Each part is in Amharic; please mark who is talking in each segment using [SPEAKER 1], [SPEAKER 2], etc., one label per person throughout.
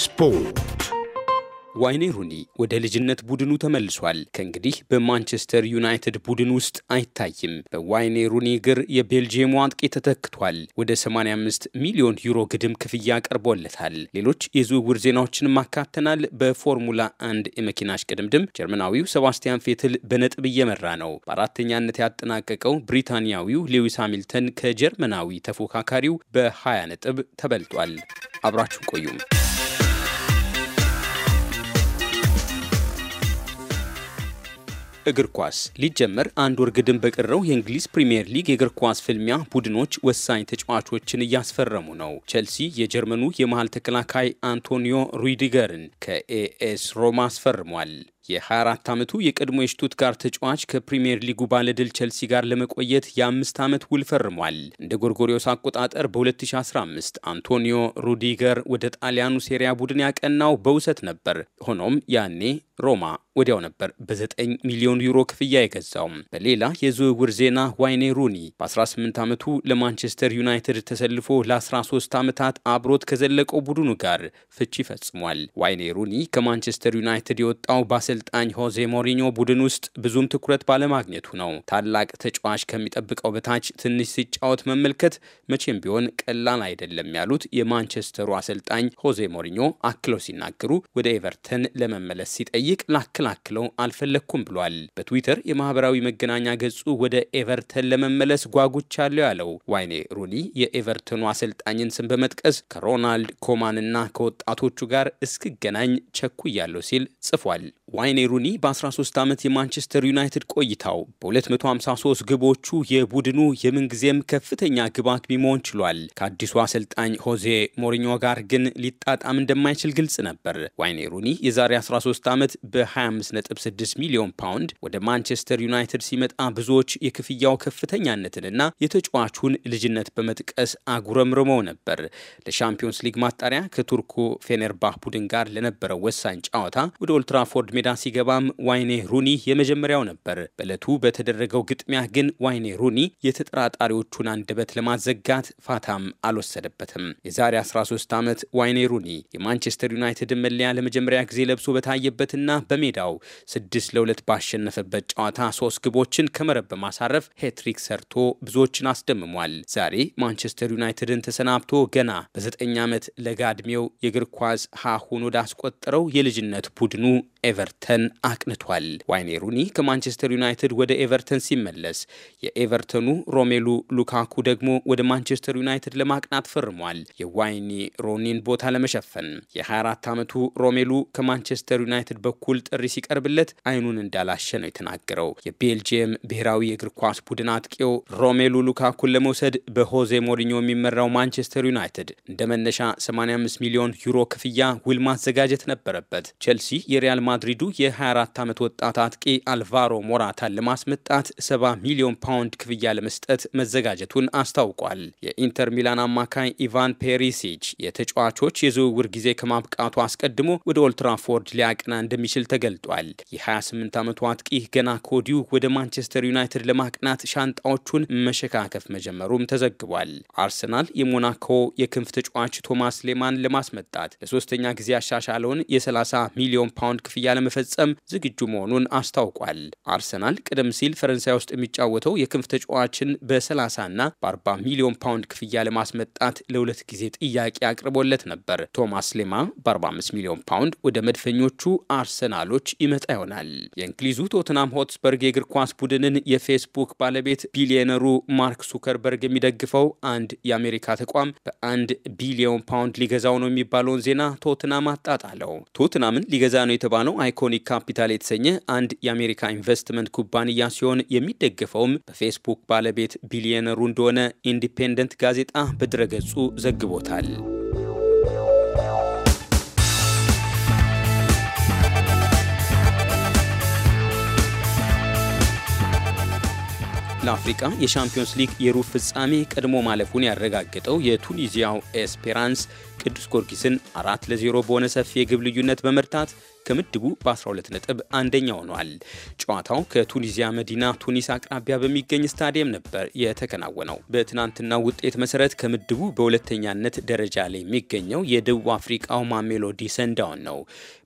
[SPEAKER 1] ስፖርት ዋይኔ ሩኒ ወደ ልጅነት ቡድኑ ተመልሷል። ከእንግዲህ በማንቸስተር ዩናይትድ ቡድን ውስጥ አይታይም። በዋይኔ ሩኒ እግር የቤልጅየሙ አጥቂ ተተክቷል። ወደ 85 ሚሊዮን ዩሮ ግድም ክፍያ ቀርቦለታል። ሌሎች የዝውውር ዜናዎችንም አካተናል። በፎርሙላ አንድ የመኪና ቅድምድም ጀርመናዊው ሰባስቲያን ፌትል በነጥብ እየመራ ነው። በአራተኛነት ያጠናቀቀው ብሪታንያዊው ሌዊስ ሃሚልተን ከጀርመናዊ ተፎካካሪው በ20 ነጥብ ተበልጧል። አብራችሁ ቆዩም እግር ኳስ ሊጀመር አንድ ወር ግድም በቀረው የእንግሊዝ ፕሪምየር ሊግ የእግር ኳስ ፍልሚያ ቡድኖች ወሳኝ ተጫዋቾችን እያስፈረሙ ነው። ቸልሲ የጀርመኑ የመሃል ተከላካይ አንቶኒዮ ሩዲገርን ከኤኤስ ሮማ አስፈርሟል። የ24 ዓመቱ የቀድሞ የሽቱትጋር ተጫዋች ከፕሪምየር ሊጉ ባለድል ቸልሲ ጋር ለመቆየት የአምስት ዓመት ውል ፈርሟል። እንደ ጎርጎሪዮስ አቆጣጠር በ2015 አንቶኒዮ ሩዲገር ወደ ጣሊያኑ ሴሪያ ቡድን ያቀናው በውሰት ነበር። ሆኖም ያኔ ሮማ ወዲያው ነበር በ9 ሚሊዮን ዩሮ ክፍያ የገዛው። በሌላ የዝውውር ዜና ዋይኔ ሩኒ በ18 ዓመቱ ለማንቸስተር ዩናይትድ ተሰልፎ ለ13 ዓመታት አብሮት ከዘለቀው ቡድኑ ጋር ፍቺ ፈጽሟል። ዋይኔ ሩኒ ከማንቸስተር ዩናይትድ የወጣው ባሰል አሰልጣኝ ሆዜ ሞሪኞ ቡድን ውስጥ ብዙም ትኩረት ባለማግኘቱ ነው። ታላቅ ተጫዋች ከሚጠብቀው በታች ትንሽ ሲጫወት መመልከት መቼም ቢሆን ቀላል አይደለም ያሉት የማንቸስተሩ አሰልጣኝ ሆዜ ሞሪኞ አክለው ሲናገሩ ወደ ኤቨርተን ለመመለስ ሲጠይቅ ላክላክለው አልፈለግኩም ብሏል። በትዊተር የማህበራዊ መገናኛ ገጹ ወደ ኤቨርተን ለመመለስ ጓጉቻለሁ ያለው ዋይኔ ሩኒ የኤቨርተኑ አሰልጣኝን ስም በመጥቀስ ከሮናልድ ኮማንና ከወጣቶቹ ጋር እስክገናኝ ቸኩያለሁ ሲል ጽፏል። ዋይኔ ሩኒ በ13 ዓመት የማንቸስተር ዩናይትድ ቆይታው በ253 ግቦቹ የቡድኑ የምንጊዜም ከፍተኛ ግብ አግቢ መሆን ችሏል። ከአዲሱ አሰልጣኝ ሆዜ ሞሪኞ ጋር ግን ሊጣጣም እንደማይችል ግልጽ ነበር። ዋይኔ ሩኒ የዛሬ 13 ዓመት በ256 ሚሊዮን ፓውንድ ወደ ማንቸስተር ዩናይትድ ሲመጣ ብዙዎች የክፍያው ከፍተኛነትንና የተጫዋቹን ልጅነት በመጥቀስ አጉረምርመው ነበር። ለሻምፒዮንስ ሊግ ማጣሪያ ከቱርኩ ፌኔርባህ ቡድን ጋር ለነበረው ወሳኝ ጨዋታ ወደ ኦልትራፎርድ ሜዳ ሲገባም ዋይኔ ሩኒ የመጀመሪያው ነበር። በዕለቱ በተደረገው ግጥሚያ ግን ዋይኔ ሩኒ የተጠራጣሪዎቹን አንደበት ለማዘጋት ፋታም አልወሰደበትም። የዛሬ 13 ዓመት ዋይኔ ሩኒ የማንቸስተር ዩናይትድ መለያ ለመጀመሪያ ጊዜ ለብሶ በታየበትና በሜዳው ስድስት ለሁለት ባሸነፈበት ጨዋታ ሶስት ግቦችን ከመረብ በማሳረፍ ሄትሪክ ሰርቶ ብዙዎችን አስደምሟል። ዛሬ ማንቸስተር ዩናይትድን ተሰናብቶ ገና በዘጠኝ ዓመት ለጋ ዕድሜው የእግር ኳስ ሀሁን ወዳስቆጠረው የልጅነት ቡድኑ ኤቨር ኤቨርተን አቅንቷል። ዋይኔ ሩኒ ከማንቸስተር ዩናይትድ ወደ ኤቨርተን ሲመለስ የኤቨርተኑ ሮሜሉ ሉካኩ ደግሞ ወደ ማንቸስተር ዩናይትድ ለማቅናት ፈርሟል። የዋይኒ ሩኒን ቦታ ለመሸፈን የ24 ዓመቱ ሮሜሉ ከማንቸስተር ዩናይትድ በኩል ጥሪ ሲቀርብለት አይኑን እንዳላሸ ነው የተናገረው። የቤልጅየም ብሔራዊ የእግር ኳስ ቡድን አጥቂው ሮሜሉ ሉካኩን ለመውሰድ በሆዜ ሞሪኞ የሚመራው ማንቸስተር ዩናይትድ እንደ መነሻ 85 ሚሊዮን ዩሮ ክፍያ ውል ማዘጋጀት ነበረበት። ቼልሲ የሪያል ማድሪድ የማድሪዱ የ24 ዓመት ወጣት አጥቂ አልቫሮ ሞራታን ለማስመጣት 70 ሚሊዮን ፓውንድ ክፍያ ለመስጠት መዘጋጀቱን አስታውቋል። የኢንተር ሚላን አማካይ ኢቫን ፔሪሲች የተጫዋቾች የዝውውር ጊዜ ከማብቃቱ አስቀድሞ ወደ ኦልትራፎርድ ሊያቅና እንደሚችል ተገልጧል። የ28 ዓመቱ አጥቂ ገና ከወዲሁ ወደ ማንቸስተር ዩናይትድ ለማቅናት ሻንጣዎቹን መሸካከፍ መጀመሩም ተዘግቧል። አርሰናል የሞናኮ የክንፍ ተጫዋች ቶማስ ሌማን ለማስመጣት ለሶስተኛ ጊዜ አሻሻለውን የ30 ሚሊዮን ፓውንድ ክፍያ ለመፈጸም ዝግጁ መሆኑን አስታውቋል። አርሰናል ቀደም ሲል ፈረንሳይ ውስጥ የሚጫወተው የክንፍ ተጫዋችን በ30 እና በ40 ሚሊዮን ፓውንድ ክፍያ ለማስመጣት ለሁለት ጊዜ ጥያቄ አቅርቦለት ነበር። ቶማስ ሌማ በ45 ሚሊዮን ፓውንድ ወደ መድፈኞቹ አርሰናሎች ይመጣ ይሆናል። የእንግሊዙ ቶትናም ሆትስበርግ የእግር ኳስ ቡድንን የፌስቡክ ባለቤት ቢሊዮነሩ ማርክ ሱከርበርግ የሚደግፈው አንድ የአሜሪካ ተቋም በአንድ ቢሊዮን ፓውንድ ሊገዛው ነው የሚባለውን ዜና ቶትናም አጣጣለው። ቶትናምን ሊገዛ ነው የተባለው አይኮኒክ ካፒታል የተሰኘ አንድ የአሜሪካ ኢንቨስትመንት ኩባንያ ሲሆን የሚደገፈውም በፌስቡክ ባለቤት ቢሊዮነሩ እንደሆነ ኢንዲፔንደንት ጋዜጣ በድረገጹ ዘግቦታል። ለአፍሪቃ የሻምፒዮንስ ሊግ የሩብ ፍጻሜ ቀድሞ ማለፉን ያረጋገጠው የቱኒዚያው ኤስፔራንስ ቅዱስ ጊዮርጊስን አራት ለዜሮ በሆነ ሰፊ የግብ ልዩነት በመርታት ከምድቡ በ12 ነጥብ አንደኛ ሆኗል። ጨዋታው ከቱኒዚያ መዲና ቱኒስ አቅራቢያ በሚገኝ ስታዲየም ነበር የተከናወነው። በትናንትና ውጤት መሰረት ከምድቡ በሁለተኛነት ደረጃ ላይ የሚገኘው የደቡብ አፍሪቃው ማሜሎዲ ሰንዳውን ነው።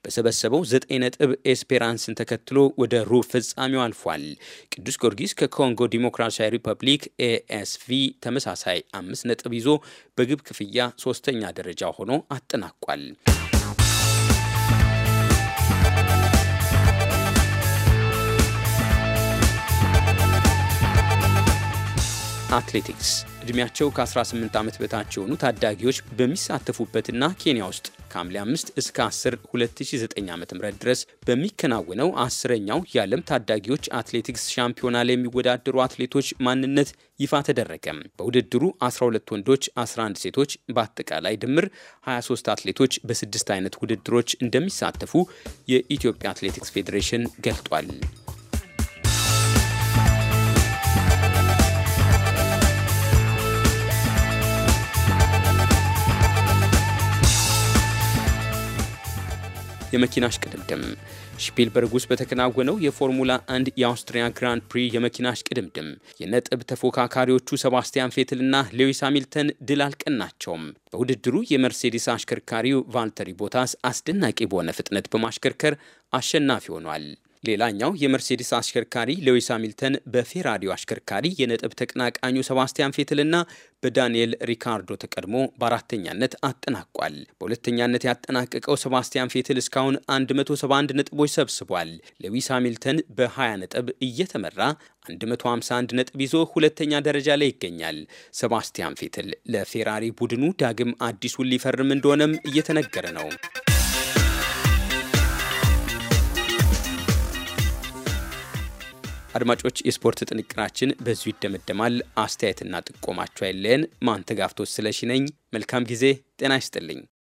[SPEAKER 1] በሰበሰበው 9 ነጥብ ኤስፔራንስን ተከትሎ ወደ ሩብ ፍጻሜው አልፏል። ቅዱስ ጊዮርጊስ ከኮንጎ ዲሞክራሲያዊ ሪፐብሊክ ኤኤስቪ ተመሳሳይ አምስት ነጥብ ይዞ በግብ ክፍያ ሶስተኛ ደረጃ ደረጃ ሆኖ አጠናቋል። አትሌቲክስ ዕድሜያቸው ከ18 ዓመት በታች የሆኑ ታዳጊዎች በሚሳተፉበትና ኬንያ ውስጥ ከሐምሌ 5 እስከ 10 2009 ዓ.ም ድረስ በሚከናወነው አስረኛው የዓለም ታዳጊዎች አትሌቲክስ ሻምፒዮና ላይ የሚወዳደሩ አትሌቶች ማንነት ይፋ ተደረገ። በውድድሩ 12 ወንዶች፣ 11 ሴቶች በአጠቃላይ ድምር 23 አትሌቶች በስድስት አይነት ውድድሮች እንደሚሳተፉ የኢትዮጵያ አትሌቲክስ ፌዴሬሽን ገልጧል። የመኪና እሽቅድምድም ሽፒልበርግ ውስጥ በተከናወነው የፎርሙላ 1 የአውስትሪያ ግራንድ ፕሪ የመኪና እሽቅድምድም የነጥብ ተፎካካሪዎቹ ሰባስቲያን ፌትልና ሌዊስ ሃሚልተን ድል አልቀናቸውም። በውድድሩ የመርሴዲስ አሽከርካሪው ቫልተሪ ቦታስ አስደናቂ በሆነ ፍጥነት በማሽከርከር አሸናፊ ሆኗል። ሌላኛው የመርሴዲስ አሽከርካሪ ሌዊስ ሃሚልተን በፌራሪው አሽከርካሪ የነጥብ ተቀናቃኙ ሰባስቲያን ፌትልና በዳንኤል ሪካርዶ ተቀድሞ በአራተኛነት አጠናቋል። በሁለተኛነት ያጠናቀቀው ሰባስቲያን ፌትል እስካሁን 171 ነጥቦች ሰብስቧል። ሌዊስ ሃሚልተን በ20 ነጥብ እየተመራ 151 ነጥብ ይዞ ሁለተኛ ደረጃ ላይ ይገኛል። ሰባስቲያን ፌትል ለፌራሪ ቡድኑ ዳግም አዲሱን ሊፈርም እንደሆነም እየተነገረ ነው። አድማጮች፣ የስፖርት ጥንቅናችን በዚሁ ይደመደማል። አስተያየትና ጥቆማቸው አይለየን። ማንተጋፍቶ ስለሺ ነኝ። መልካም ጊዜ። ጤና ይስጥልኝ።